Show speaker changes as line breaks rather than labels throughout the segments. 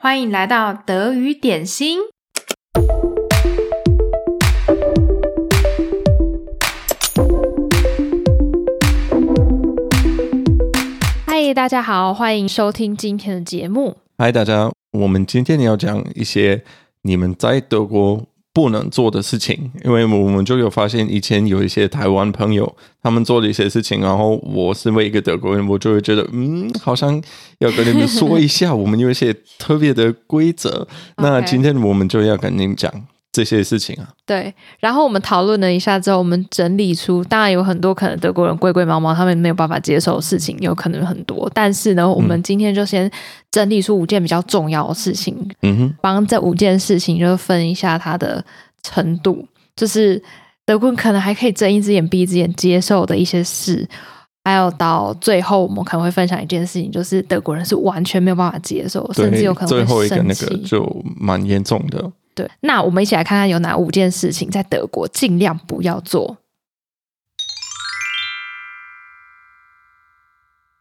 歡迎來到德語點心。嗨，大家好，歡迎收聽今天的節目。
嗨，大家，我們今天要講一些你們在德國，不能做的事情，因為我們就有發現，以前有一些台灣朋友他們做了一些事情，然後我身為一個德國人，我就會覺得，嗯，好像要跟你們說一下，我們有一些特別的規則。 那今天我們就要跟你們講。Okay. 這些事情
啊，對。然後我們討論了一下之後，我們整理出，當然有很多可能德國人龜龜毛毛，他們沒有辦法接受的事情，有可能很多。但是呢，我們今天就先整理出五件比較重要的事情，嗯哼，幫這五件事情就分一下它的程度，就是德國人可能還可以睜一隻眼閉一隻眼接受的一些事，還有到最後我們可能會分享一件事情，就是德國人是完全沒有辦法接受，甚至有可能會最後一個那個
就蠻嚴重的。
對，那我們一起來看看有哪五件事情在德國盡量不要做。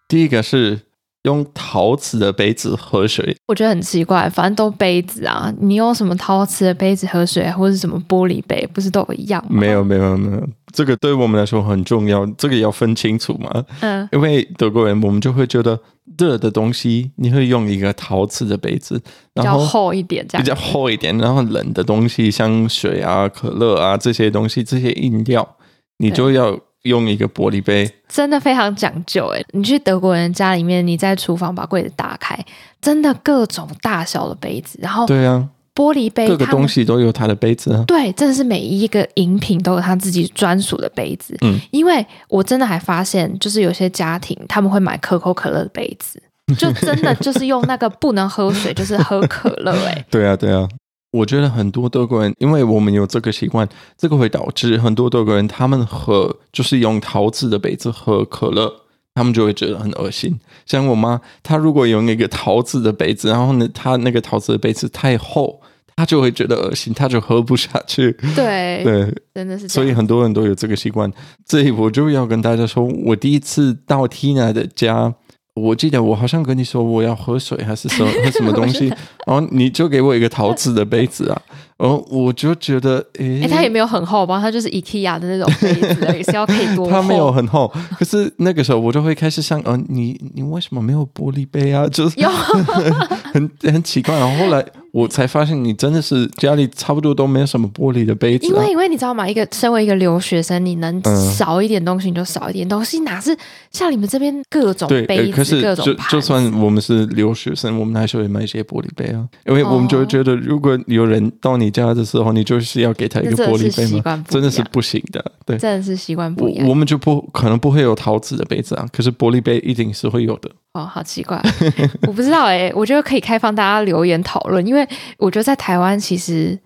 第一個是用陶瓷的杯子喝水，
我覺得很奇怪，反正都杯子啊，你用什麼陶瓷的杯子喝水，或者是什麼玻璃杯，不是都一樣
嗎？沒有，沒有，沒有。這個對我們來說很重要，這個要分清楚嘛。嗯，因為德國人，我們就會覺得熱的東西，你會用一個陶瓷的杯子，然後厚一點，比較厚一點，這樣。然後冷的東西，像水啊、可樂啊這些東西，這些飲料，你就要用一個玻璃杯。
真的非常講究哎！你去德國人家裡面，你在廚房把櫃子打開，真的各種大小的杯子，然後對呀、啊。玻璃杯，各、這個東西
都有它的杯子、啊。
對，真的是每一個飲品都有它自己專屬的杯子。嗯，因為我真的還發現，就是有些家庭他們會買可口可樂的杯子，就真的就是用那個不能喝水，就是喝可樂、欸。哎
對啊，對啊，我覺得很多德國人，因為我們有這個習慣，這個會導致很多德國人他們喝就是用陶瓷的杯子喝可樂。他們就會覺得很惡心，像我媽，她如果有那個陶瓷的杯子，然後呢，她那個陶瓷的杯子太厚，她就會覺得惡心，她就喝不下去。對對，真
的是，所以很
多人都有這個習慣，所以我就要跟大家說，我第一次到 Tina 的家。我記得我好像跟你說我要喝水還是說那什麼東西， 然後你就給我一個陶瓷的杯子啊，然後我就覺得誒，他、欸欸、也沒
有很厚吧，他就是宜 a 的那種杯子， 也是要配多，他沒有
很厚，可是那個時候我就會開始想，呃、啊，你你為什麼沒有玻璃杯啊？就是很 很，很奇怪。然後後來。我才發現你真的是家裡差不多都沒有什麼玻璃的杯子。啊，因為因
為你知道嗎？一個身為一個留學生，你能少一點東西你、嗯、就少一點東西，哪是像你們這邊各種杯子對。呃，可是就
子就,就算我們是留學生，我們還是會買一些玻璃杯啊，因為我們就會覺得，哦、如果有人到你家的時候，你就是要給他一個玻璃杯習慣，真的是不行的，對，真的
是習慣不一樣。我。
我們就不可能不會有陶瓷的杯子啊，可是玻璃杯一定是會有的。
哦，好奇怪， 我不知道哎、欸，我覺得可以開放大家留言討論，因為。我覺得在台灣其實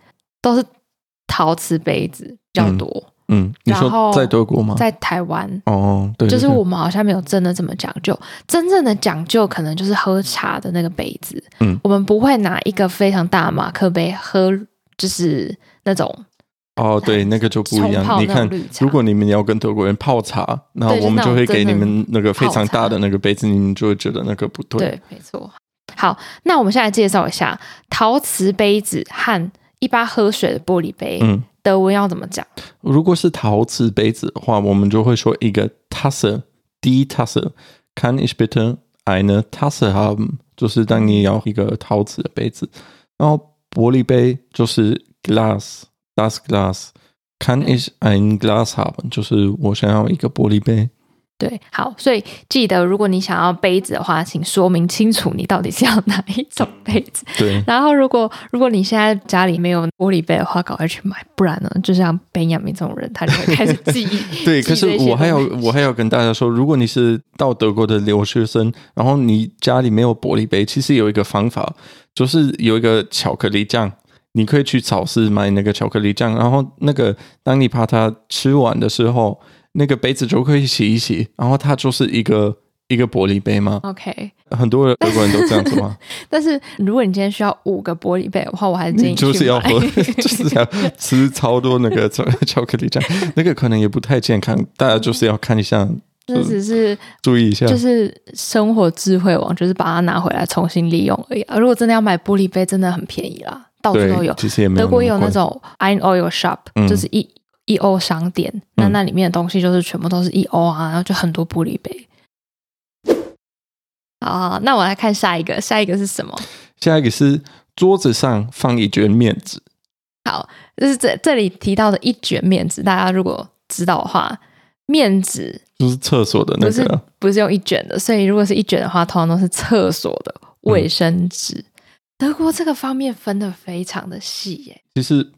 都是陶瓷杯子比
較多嗯。嗯，你說在德國嗎？在台灣哦對對對，就是我
們好像沒有真的這麼講究。真正的講究可能就是喝茶的那個杯子。嗯，我們不會拿一個非常大馬克杯喝，就是那種。
哦，對，那個就不一樣。你看，如果你們要跟德國人泡茶，那我們就會給你們那個非常大的那個杯子，你們就會覺得那個不對。對，
沒錯。好，那我們現在介紹一下陶瓷杯子和一般喝水的玻璃杯。嗯，德文要怎麼講？
如果是陶瓷杯子的話，我們就會說一個 Tasse，Die Tasse，Kann ich bitte eine Tasse haben？就是當你要一個陶瓷的杯子。然後玻璃杯就是 Glas，Das Glas，Kann ich ein Glas haben？就是我想要一個玻璃杯。
對，好，所以記得，如果你想要杯子的話，請說明清楚你到底是要哪一種杯子。對，然後如果如果你現在家裡沒有玻璃杯的話，趕快去買，不然呢，就像本雅明這種人，他就會開始記憶。 對，可是我還要
我還要跟大家說，如果你是到德國的留學生，然後你家裡沒有玻璃杯，其實有一個方法，就是有一個巧克力醬，你可以去超市買那個巧克力醬，然後那個當你怕它吃完的時候。那個杯子就可以洗一洗，然後它就是一個一個玻璃杯嘛 OK 很多德國人都這樣子嘛
但是如果你今天需要五個玻璃杯的話，我還是建議你就是要喝，就是
要吃超多那個巧克力醬， 那個可能也不太健康。大家就是要看一下。 就只是注意一下，就是
生活智慧王，就是把它拿回來重新利用而已啊！如果真的要買玻璃杯，真的很便宜啦，到處都有。其
實也沒有，德國有那種
Iron Oil Shop，、嗯、就是一。一歐商店，那那裡面的東西就是全部都是一歐啊，然、嗯、後就很多玻璃杯。好，那我來看下一個，下一個是什麼？
下一個是桌子上放一卷面紙。
好，就是這這裡提到的一卷面紙，大家如果知道的話，面紙
就是廁所的那個，
不是用一卷的，所以如果是一卷的話，通常都是廁所的衛生紙。嗯、德國這個方面分的非常的細耶、欸。
其實。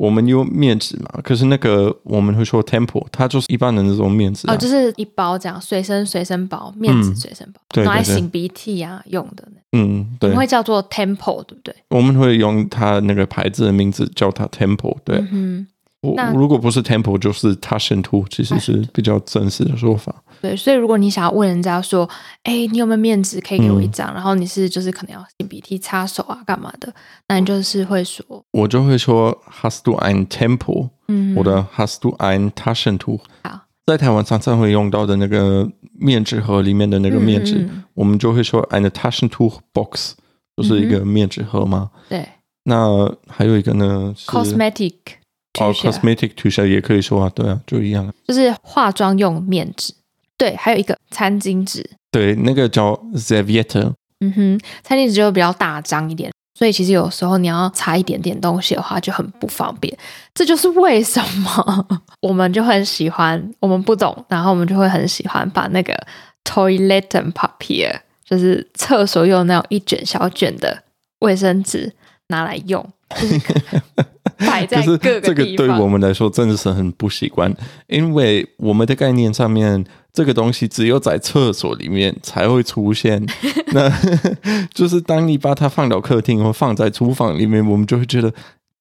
我們用面紙嘛，可是那個我們會說 Tempo，它就是一般的那種面紙、啊、哦，就是
一包這樣隨身隨身包，面紙隨身包，嗯、對，對，對，拿來擤鼻涕啊用的呢，
嗯，對，我們會
叫做 Tempo，對不對？
我們會用它那個牌子的名字叫它 Tempo，對。
嗯那如果
不是 tempo 就是 Taschentuch 其實是比較正式的說法、
哎。對，所以如果你想要問人家說，哎，你有沒有面紙可以給我一張、嗯？然後你是就是可能要擤鼻涕、擦手啊、幹嘛的、嗯，那你就是會說，
我就會說，Hast du ein Tempo？嗯，或者 Hast du ein Taschentuch，好，在台灣常常會用到的那個面紙盒裡面的那個面紙、嗯嗯嗯，我們就會說，Eine Taschentuchbox，就是一個面紙盒嘛、嗯嗯。對。那還有一個呢？Cosmetic。
或、oh, cosmetic
tissue 也可以說啊，對啊，就一樣，
就是化妝用面紙。對，還有一個餐巾紙，
對，那個叫 Serviette。嗯
哼，餐巾紙就比較大張一點，所以其實有時候你要擦一點點東西的話就很不方便，這就是為什麼我們就很喜歡，我們不懂，然後我們就會很喜歡把那個 Toilettenpapier，就是廁所用那種一卷小卷的衛生紙拿來用。就是
在可是，這個對我們來說真的是很不習慣，因為我們的概念上面，這個東西只有在廁所裡面才會出現。 那就是當你把它放到客廳或放在廚房裡面，我們就會覺得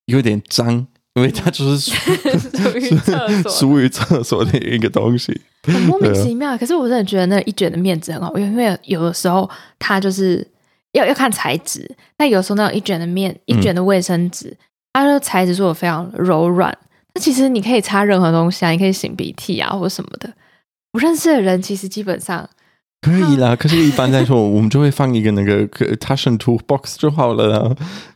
有點髒，因為它就是屬於廁所的一個東西， 廁的 的一個東西。很莫名
其妙。可是我真的覺得那一卷的面紙很好用，因為有的時候它就是要要看材質，那有時候那種一卷的面一卷的衛生紙。嗯它的材質做的非常柔軟，那其實你可以擦任何東西啊，你可以擤鼻涕啊，或者什麼的。不認識的人其實基本上
可以啦，可是，一般來說， 我們就會放一個那個 Taschentuch box 就好了啦，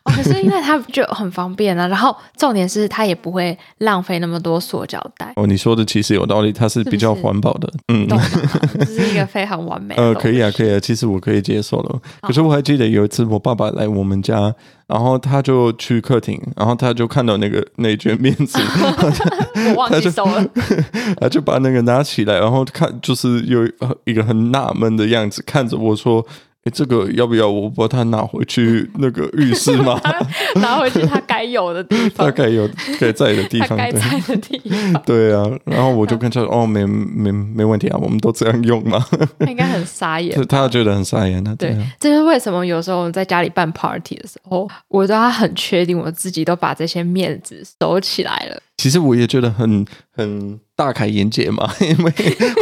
哦。
可是因為它就很方便啊，然後重點是它也不會浪費那麼多塑膠袋。
哦，你說的其實有道理，它是比較環保的。是是嗯，
這是一個非常完美。呃，可以
啊，可以啊，其實我可以接受的，哦。可是我還記得有一次我爸爸來我們家。然後他就去客廳，然後他就看到那個那卷面紙， 他就， 我忘記收了， 他就把那個拿起來，然後看就是有一個很納悶的樣子，看着我說。哎，這個要不要我把它拿回去那個浴室嗎？
他拿回去它該有的
地方。 他該有該在的地方。該在的地方。對啊，然後我就跟他說：“哦，沒沒沒問題啊，我們都這樣用嘛。”他應
該很傻眼。 他,
他覺得很傻眼。他，對啊，對。
這是為什麼？有時候我們在家裡辦 party 的時候，我都很確定我自己都把這些面子收起來了。
其實我也覺得很很。大開眼界嘛，因為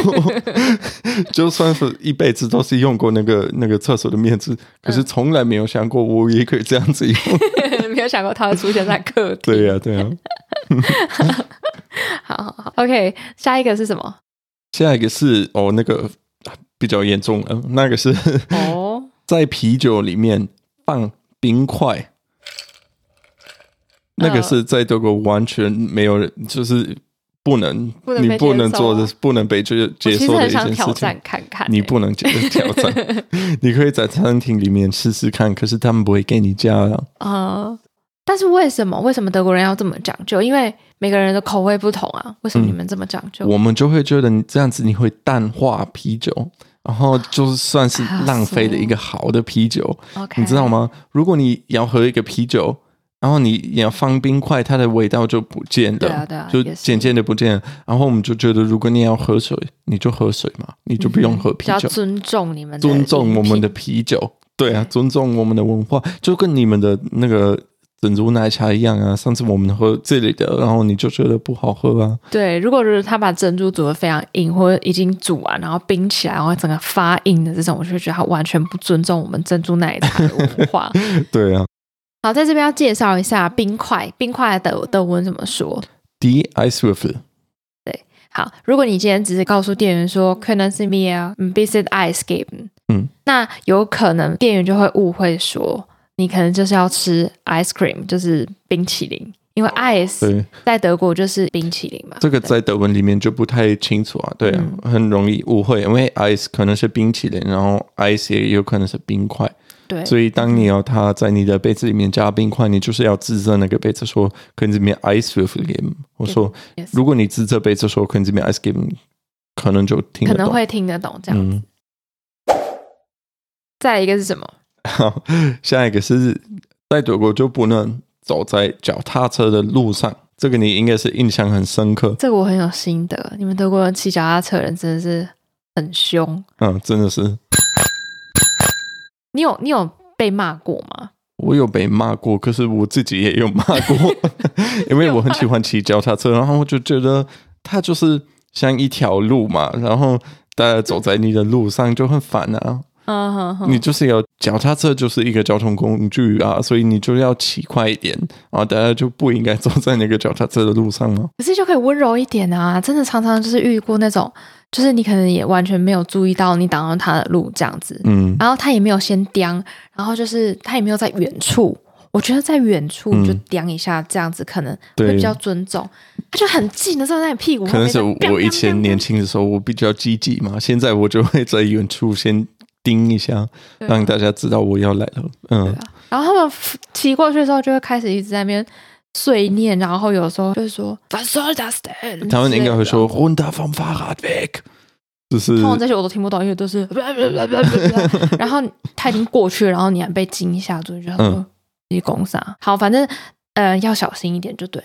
我就算是一輩子都是用過那個那個廁所的面紙。可是從來沒有想過我也可以這樣子，用。嗯、
沒有想過它會出現在客廳。
對呀、啊，對呀、啊。 好
好好，OK，下一個是什麼？
下一個是哦，那個比較嚴重了，那個是哦，在啤酒裡面放冰塊，哦、那個是在德國完全沒有人，就是。不能，不能被、啊，你不能做的，的不能被就接受的一件事情挑戰。看看、欸，你不能接受挑戰， 你可以在餐廳裡面試試看，可是他們不會給你加啊、呃！
但是為什麼？為什麼德國人要這麼講究？因為每個人的口味不同啊。為什麼你們這麼講究、嗯？我
們就會覺得你這樣子你會淡化啤酒，然後就算是浪費了一個好的啤酒、 呃，你知道嗎？如果你要喝一個啤酒。然後你要放冰塊，它的味道就不見得、啊啊、就漸漸的不見。然後我們就覺得，如果你要喝水，你就喝水嘛，嗯、你就不用喝啤酒。尊重你們的，尊重我們的啤酒，對啊對，尊重我們的文化，就跟你們的那個珍珠奶茶一樣啊。上次我們喝這裡的，然後你就覺得不好喝啊。
對，如果是他把珍珠煮得非常硬，或者已經煮完然後冰起來，然後整個發硬的這種，我就會覺得他完全不尊重我們珍珠奶茶的
文化。 對啊。
好，在這邊要介紹一下冰塊。冰塊的德文怎麼說？
Die Eiswürfel。
對，好。如果你今天只是告訴店員說 “Können Sie mir bitte Eis geben？” 嗯，那有可能店員就會誤會說你可能就是要吃 ice cream，就是冰淇淋，因為 ice 在德國就是冰淇淋嘛。這個在
德文裡面就不太清楚啊，對，嗯、很容易誤會，因為 ice 可能是冰淇淋，然後 ice 也有可能是冰塊。對，所以，當你要他在你的杯子裡面加冰塊，你就是要指着那個杯子說：“Can you make ice cream？” 我說：“ yes. 如果你指着杯子說 ‘Can you make ice cream’，可能就聽可能會聽得懂這樣。嗯”
再一個是什麼？
好，下一個是在德國就不能走在腳踏車的路上。這個你應該是印象很深刻。
這個我很有心得。你們德國人騎腳踏車的人真的是很凶。
嗯，真的是。
你有你有被罵過嗎？
我有被罵過，可是我自己也有罵過， 因為我很喜歡騎腳踏車， 然後我就覺得它就是像一條路嘛，然後大家走在你的路上就很煩啊。你就是要腳踏車就是一個交通工具啊，所以你就要騎快一點啊，大家就不應該走在那個腳踏車的路上了。
可是就可以溫柔一點啊，真的常常就是遇過那種，就是你可能也完全沒有注意到你擋到他的路這樣子，嗯，然後他也沒有先叮，然後就是他也沒有在遠處，我覺得在遠處就叮一下這樣子可能會比較尊重。嗯，對他就很近的時候，在你屁股，可能是我
以前年輕的時候我比較積極嘛，現在我就會在遠處先。叮一下，讓大家知道我要來了。啊、嗯、
啊，然後他們騎過去的時候，就會開始一直在那邊碎念，然後有時候就是說 w a 他們應該會說
：“Runter vom Fahrrad weg！” 就是，通
常這些我都聽不到、就是，因為都是然後他已經過去了，然後你還被驚嚇住，你就是、說：“你攻殺好，反正呃要小心一點就對。”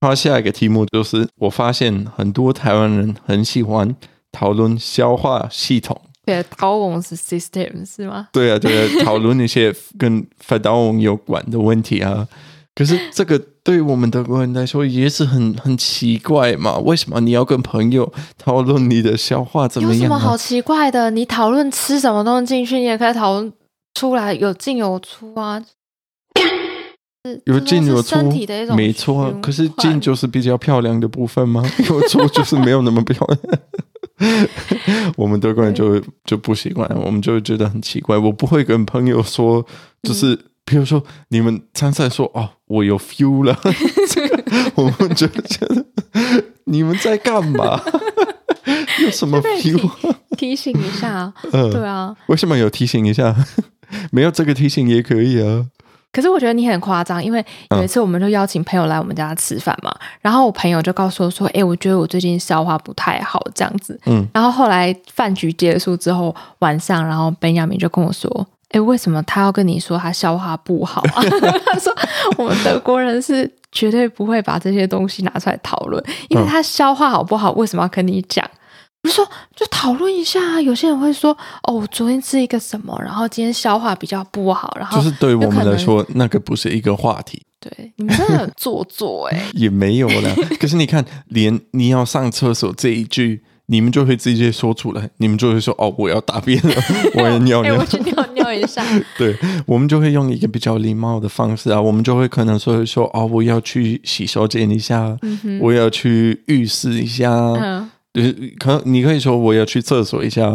然後下一個題目就是，我發現很多台灣人很喜歡。討論消化系統，
對、啊，討論是 system 是嗎？
對啊，對啊，討論那些跟 f a 有關的問題啊。 可是這個對我們德國人來說也是很很奇怪嘛？為什麼你要跟朋友討論你的消化怎麼樣、啊？有什麼好
奇怪的？你討論吃什麼東西進去，你也可以討論出來，有進有出啊。有進有出，沒錯、啊。
可是進就是比較漂亮的部分嗎？有出就是沒有那麼漂亮。 我們德國人就就不習慣，我們就會覺得很奇怪。我不會跟朋友說，就是比、嗯、如說你們參賽說哦，我有 feel 了， 我們就覺得你們在幹嘛？ 有什麼 feel？
提醒一下， 嗯，對
啊，為什麼有提醒一下？ 沒有這個提醒也可以啊。
可是我覺得你很誇張，因為有一次我們就邀請朋友來我們家吃飯嘛，嗯、然後我朋友就告訴我說：“哎、欸，我覺得我最近消化不太好，這樣子。”嗯，然後後來飯局結束之後，晚上，然後本雅明就跟我說：“哎、欸，為什麼他要跟你說他消化不好啊？” 他說：“我們德國人是絕對不會把這些東西拿出來討論，因為他消化好不好，嗯、為什麼要跟你講？”我說，就討論一下啊。有些人會說，哦，我昨天吃一個什麼，然後今天消化比較不好，然後就、就是對我們來說，
那個不是一個話題。對，
你們真的很做作
哎、欸。 也沒有了。可是你看，連你要上廁所這一句，你們就會直接說出來，你們就會說，哦，我要大便了，我要尿尿， 欸、尿尿一下。 對我們就會用一個比較禮貌的方式啊，我們就會可能說說，哦，我要去洗手間一下，嗯、我要去浴室一下。嗯嗯就是可你可以說我要去廁所一下、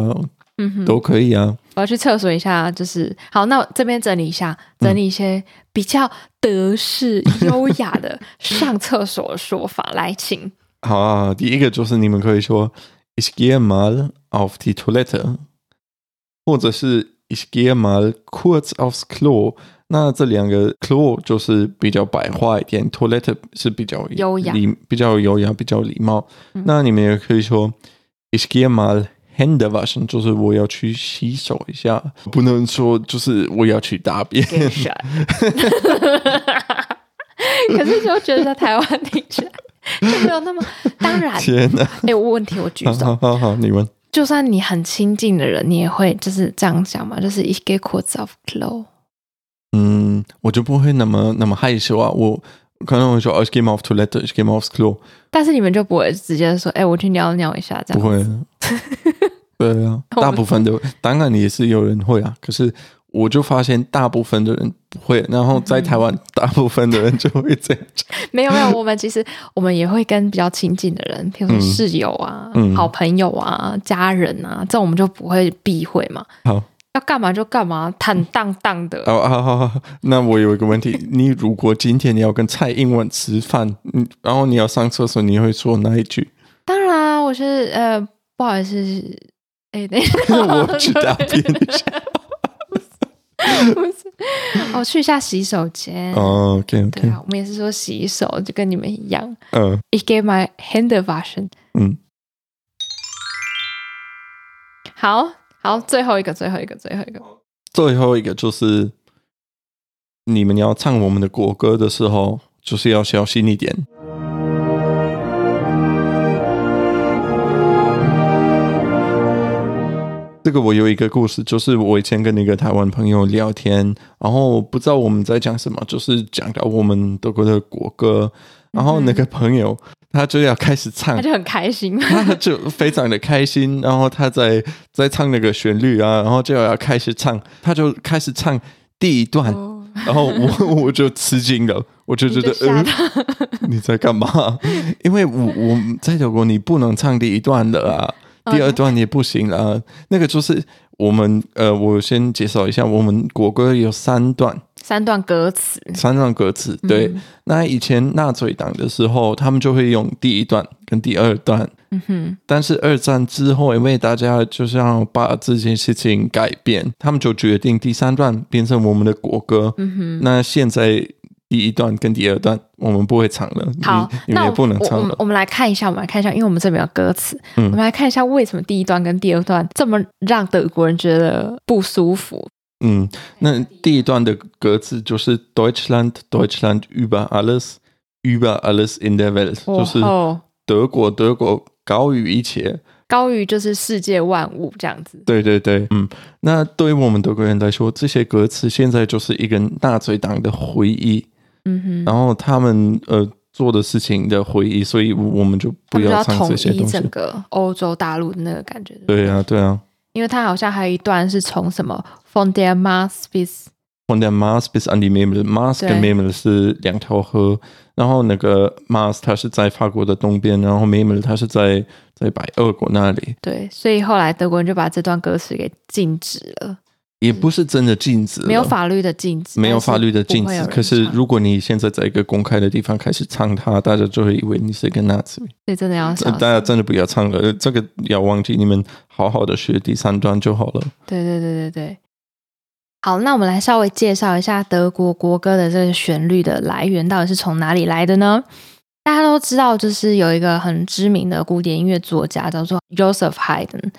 嗯，都可以啊。
我要去廁所一下，就是好。那我這邊整理一下、嗯，整理一些比較德式優雅的上廁所的說法， 來，請。
好、啊，第一個就是你們可以說 Ich gehe mal auf die Toilette，或者是 Ich gehe mal kurz aufs Klo。那這兩個 clo 就是比較白話一點，toilet 是比較優雅，比較優雅，比較禮貌,較貌、嗯。那你們也可以說，ich g e m y h a n d e a e n 就是我要去洗手一下，不能說就是我要去大便。
可是就覺得在台灣聽起來就沒有那麼，當然，天哪、啊！哎、欸，我問題我舉手，
好,好，好,好，你問。
就算你很親近的人，你也會就是這樣講嘛？就是 ich g e h u r z f clo。
嗯，我就不會那麼那麼害羞啊。我可能我說、啊、Ich geh auf die Toilette，ich geh aufs Klo。
但是你們就不會直接說，哎、欸，我去尿尿一下這樣。不會。
對啊，大部分的 當然也是有人會啊。可是我就發現大部分的人不會，然後在台灣 大部分的人就會這樣。 沒有
沒、啊、有，我們其實我們也會跟比較親近的人，譬如說室友啊、嗯、好朋友啊、家人啊，這我們就不會避諱嘛。好。要幹嘛就幹嘛，坦蕩蕩的。哦，
好好好，那我有一個問題，你如果今天你要跟蔡英文吃飯，嗯， 然後你要上廁所，你會說哪一句？
當然、啊，我是呃，不好意思，哎，等一下， 我去大便一下，我、 哦、去一下洗手間。哦、oh, okay,，OK，對啊，我們也是說洗手，就跟你們一樣。嗯、uh,，Ich gehe mir die Hände waschen. 嗯，好。好，最後一個，最後一個，最後一個，
最後一個就是你們要唱我們的國歌的時候，就是要小心一點。 這個我有一個故事，就是我以前跟一個台灣朋友聊天，然後不知道我們在講什麼，就是講到我們德國的國歌。然後那個朋友、嗯、他就要開始唱，他就
很開心，他
就非常的開心。然後他在在唱那個旋律啊，然後就要開始唱，他就開始唱第一段，哦、然後我我就吃驚了，我就覺得，你、呃、你在幹嘛？因為我我在德國，你不能唱第一段的啊，第二段也不行啊、哦，那個就是。我們呃，我先介紹一下，我們國歌有三段，
三段歌詞，三
段歌詞。對，嗯、那以前納粹黨的時候，他們就會用第一段跟第二段，嗯哼。但是二戰之後，因為大家就是要把這件事情改變，他們就決定第三段變成我們的國歌。嗯哼。那現在。第一段跟第二段我們不會唱了，好，那不能唱了。我
們來看一下，我們來看一下，因為我們這邊有歌詞，嗯。我們來看一下為什麼第一段跟第二段這麼讓德國人覺得不舒服。
嗯，那第一段的歌詞就是 Deutschland, Deutschland über alles, über alles in der Welt、哦，就是德國，德國高於一切，
高於就是世界萬物這樣子。
對對對，嗯，那對於我們德國人來說，這些歌詞現在就是一個納粹黨的回憶。嗯哼，然後他們呃做的事情的回憶，所以我們就不要唱這些東西，整
個歐洲大陸的那個感覺。
對啊對啊。
因為他好像還有一段是從什麼 von der Maas bis
von der Maas bis an die Memel”，Maas 跟 Memel 是兩條河，然後那個 Maas 它是在法國的東邊，然後 Memel 它是在在白俄國那裡。對，
所以後來德國人就把這段歌詞給禁止了。
也不是真的禁止，沒有法律的禁止，沒有法律的禁止。可是，如果你現在在一個公開的地方開始唱它，大家就會以為你是個 Nazi。嗯，
對，真的要唱，大
家真的不要唱了，這個要忘記。你們好好的學第三段就好了。
對，對對對對對。好，那我們來稍微介紹一下德國國歌的這個旋律的來源到底是從哪裡來的呢？大家都知道，就是有一個很知名的古典音樂作家叫做 Joseph Haydn，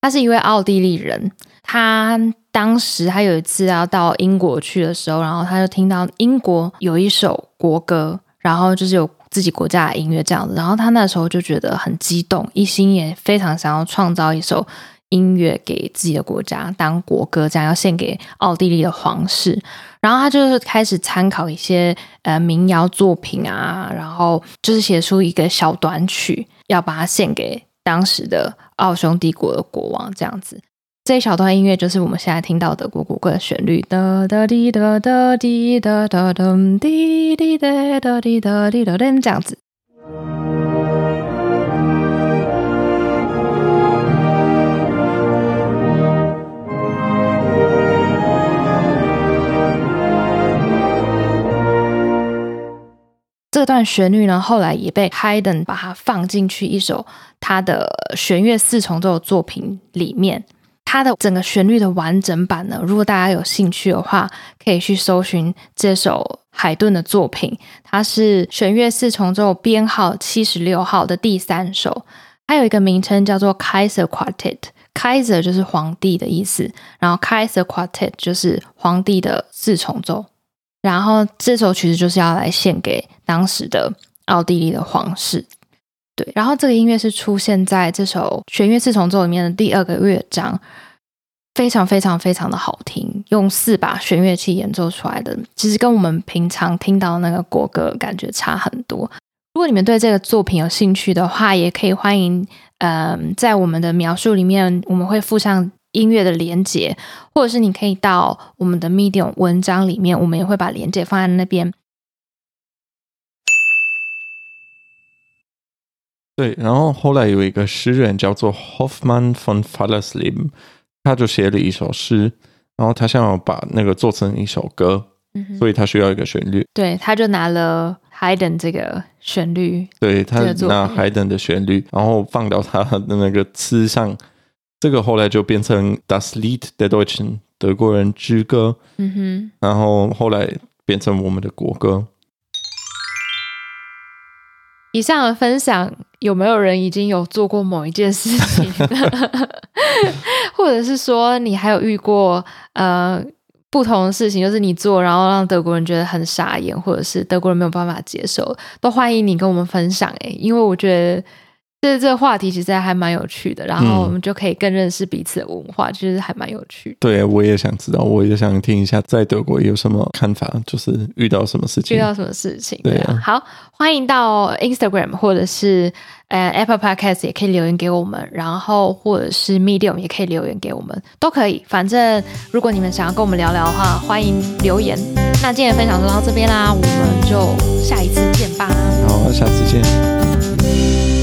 他是一位奧地利人，他。當時他有一次要到英國去的時候，然後他就聽到英國有一首國歌，然後就是有自己國家的音樂這樣子。然後他那時候就覺得很激動，一心也非常想要創造一首音樂給自己的國家當國歌，這樣要獻給奧地利的皇室。然後他就是開始參考一些呃民謠作品啊，然後就是寫出一個小短曲，要把它獻給當時的奧匈帝國的國王這樣子。這一小段音樂就是我們現在聽到的國歌的旋律，噠噠滴噠噠滴噠噠咚，滴滴噠噠滴噠滴噠咚，這樣子。這段旋律呢，後來也被 Haydn 把它放進去一首他的弦樂四重奏作品裡面。它的整個旋律的完整版呢，如果大家有興趣的話，可以去搜尋這首海頓的作品。它是弦樂四重奏編號七十六號的第三首，它有一個名稱叫做《Kaiser Quartet》，Kaiser 就是皇帝的意思，然後 Kaiser Quartet 就是皇帝的四重奏。然後這首曲子就是要來獻給當時的奧地利的皇室。對，然後這個音樂是出現在這首《弦樂四重奏》裡面的第二個樂章，非常非常非常的好聽，用四把弦樂器演奏出來的，其實跟我們平常聽到那個國歌感覺差很多。如果你們對這個作品有興趣的話，也可以歡迎，嗯、呃，在我們的描述裡面我們會附上音樂的連接，或者是你可以到我們的 Medium 文章裡面，我們也會把連接放在那邊。
對，然後後來有一個詩人叫做 Hoffmann von Fallersleben，他就寫了一首詩，然後他想要把那個做成一首歌，嗯、所以他需要一個旋律。
對，他就拿了 Haydn 這個旋律，
對，他拿 Haydn 的旋律，然後放到他的那個詞上，這個後來就變成 Das Lied der Deutschen 德國人之歌，嗯哼，然後後來變成我們的國歌。
以上的分享，有沒有人已經有做過某一件事情？ 或者是說，你還有遇過呃不同的事情，就是你做，然後讓德國人覺得很傻眼，或者是德國人沒有辦法接受，都歡迎你跟我們分享誒、欸，因為我覺得。其實這個話題其實還蠻有趣的，然後我們就可以更認識彼此的文化，其、嗯、實、就是、還蠻有趣
的。對，我也想知道，我也想聽一下在德國有什麼看法，就是遇到什麼事情。遇到什麼事情。對啊。對啊，好，
歡迎到 Instagram 或者是呃 Apple Podcast 也可以留言給我們，然後或者是 Medium 也可以留言給我們，都可以。反正如果你們想要跟我們聊聊的話，歡迎留言。那今天的分享就到這邊啦，我們就下一次見吧。
好，下次見。